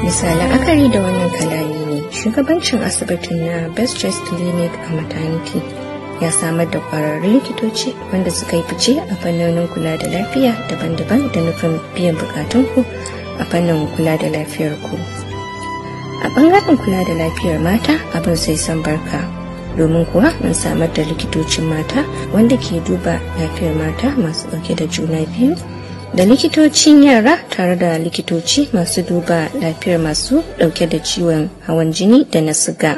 Bisa akari da wannan kalami ne, shugabancin asibitin na Best Choice Clinic a Maternity ya samar da kwararrun likitoci wanda suka yi fice a fannonin kula da lafiya daban-daban da nufin biyan bukatun ku a fannin kula da lafiyar ku. A bangaren kula da lafiyar mata abin sai san barka domin kuwa mun samar da likitocin mata wanda ke duba lafiyar mata masu dauke da juna biyu da likitocin yara tare da likitoci masu duba lafiyar masu dauke da ciwon hawan jini da na siga.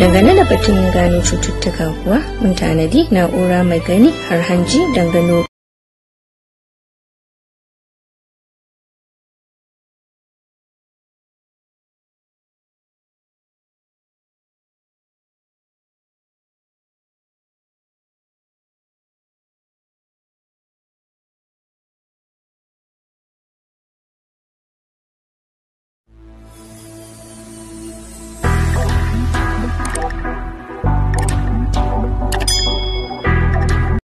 dangane da batun gano cututtuka kuwa mun tanadi na'ura mai gani har hanji dangano